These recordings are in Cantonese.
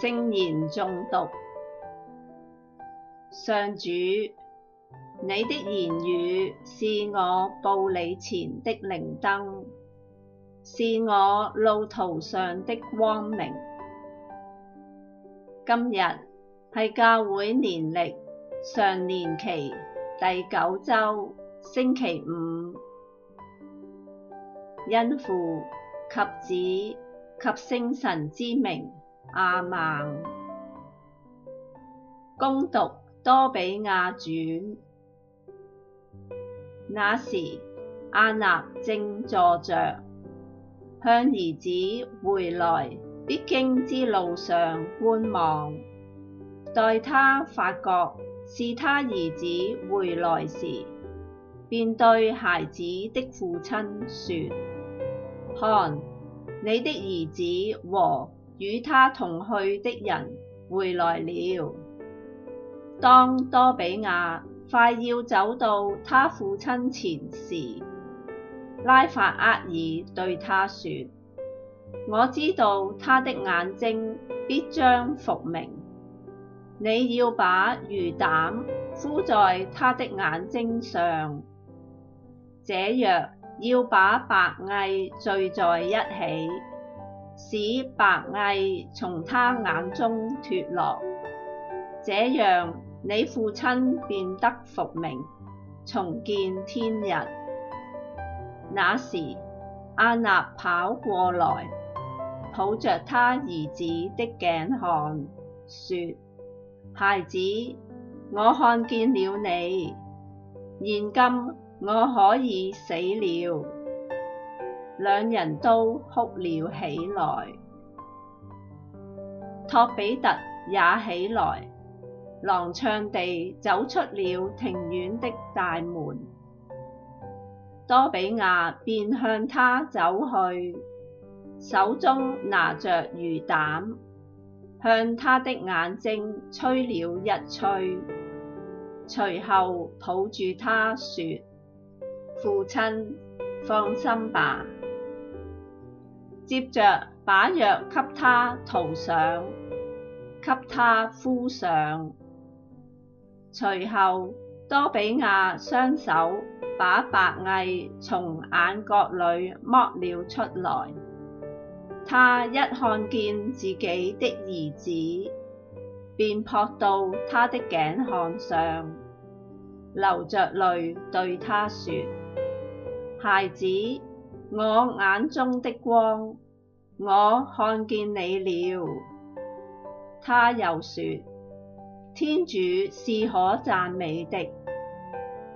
聖言誦讀：「上主，你的言語是我步履前的靈燈，是我路途上的光明。今日係教會年曆常年期第九週星期五，因父及子及聖神之名，阿孟。恭讀多俾亞傳。那時亞納正坐着，向兒子回來必經之路上觀望，待她發覺是她兒子回來時，便對孩子的父親說：「看，你的兒子和與他同去的人回來了！」當多俾亞快要走到他父親前時，拉法厄爾對他說：我知道他的眼睛必將復明。你要把魚膽敷在他的眼睛上，這藥要把白翳聚在一起，使白翳從他眼中脫落。這樣你父親便得復明，重見天日。那時，亞納跑過來。抱着他兒子的頸項，說：孩子，我看見了你，現今我可以死了。兩人都哭了起來。托彼特也起來，踉蹌地走出了庭院的大門。多俾亞便向他走去。手中拿着魚膽，向他的眼睛吹了一吹，隨後抱住他說：父親，放心吧。接着把藥給他塗上，給他敷上，隨後多俾亞雙手把白翳從眼角裏剝了出來。他一看見自己的兒子，便撲到他的頸項上，流着淚對他說：孩子，我眼中的光，我看見你了。他又說：天主是可讚美的，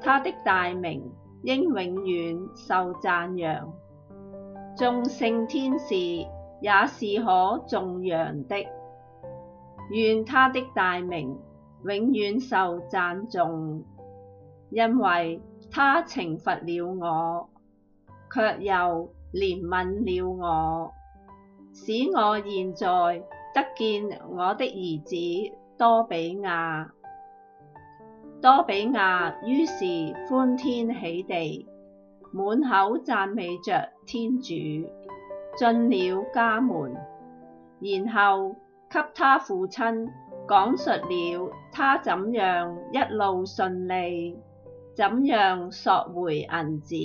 他的大名應永遠受讚揚。眾聖天使。也是可頌揚的，願他的大名永遠受讚頌，因為他懲罰了我，却又憐憫了我，使我現在得見我的兒子多俾亞。多俾亞於是歡天喜地，滿口讚美着天主。進了家門，然後給他父親講述了他怎樣一路順利，怎樣索回銀子，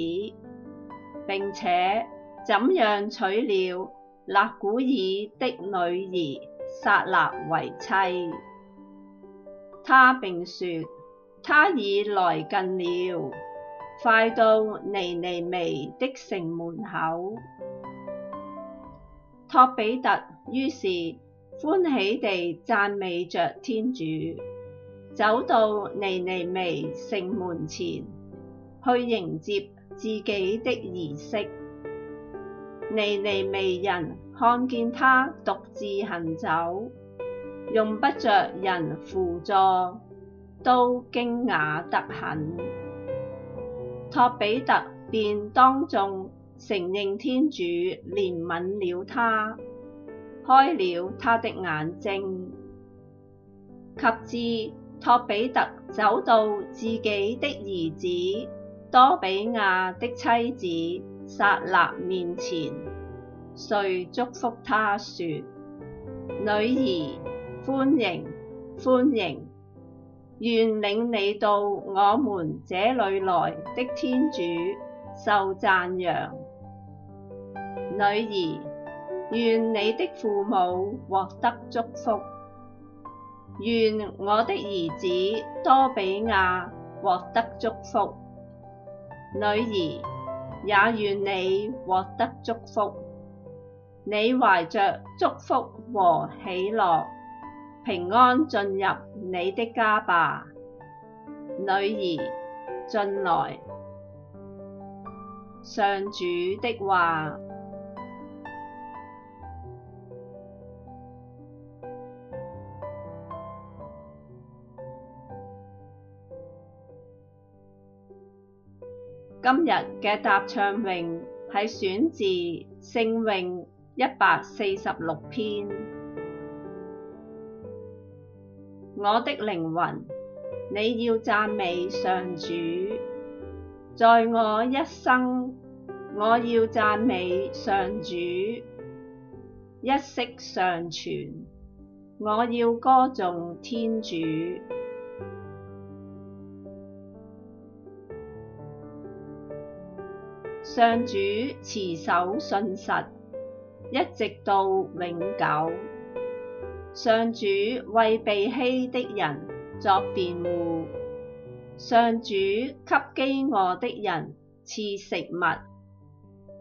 並且怎樣娶了辣古耳的女兒撒辣為妻。他並說他已來近了，快到尼尼微的城門口。托彼特於是歡喜地讚美着天主，走到尼尼微城門前去迎接自己的兒媳。尼尼微人看見他獨自行走，用不着人扶助，都驚訝得很。托彼特便當眾承認天主憐憫了他，開了他的眼睛。及至托彼特走到自己的兒子多俾亞的妻子撒辣面前，遂祝福他說：女兒，歡迎，歡迎！願領你到我們這裏來的天主受讚揚。女兒，願你的父母獲得祝福。願我的兒子多俾亞獲得祝福。女兒，也願你獲得祝福。你懷着祝福和喜樂，平安進入你的家吧。女兒，進來。上主的話。今日嘅答唱詠係選自聖詠一百四十六篇。我的靈魂，你要讚美上主，在我一生，我要讚美上主，一息尚存，我要歌頌天主。上主持守信實，一直到永久。上主為被欺的人作辯護，上主給飢餓的人賜食物，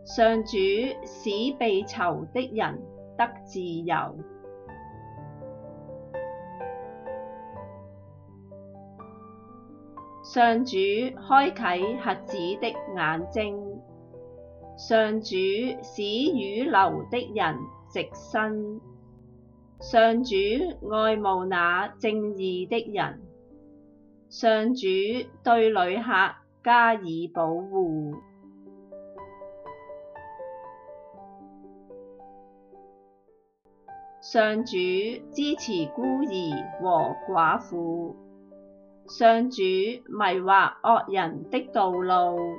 上主使被囚的人得自由。上主開啟瞎子的眼睛。上主使傴僂的人直身，上主愛慕那正義的人，上主對旅客加以保護，上主支持孤兒和寡婦，上主迷惑惡人的道路。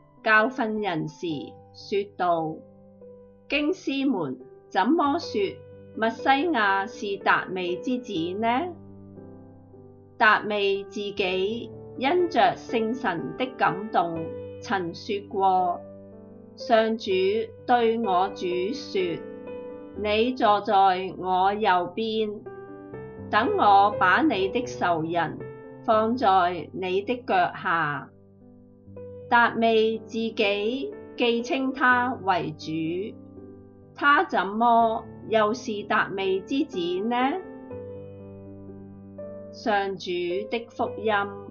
教訓人時，説道：經師們怎麼説，默西亞是達味之子呢？達味自己因着聖神的感動，曾説過：上主對我主説：你坐在我右邊，等我把你的仇人放在你的腳下。達味自己既稱他為主，他怎麼又是達味之子呢？上主的福音。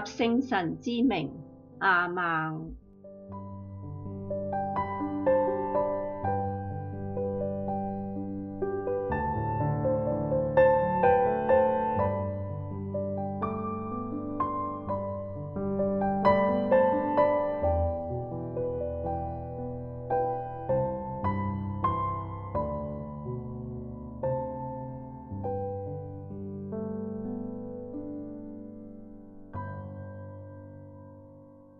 及聖神之名，阿們。Amen.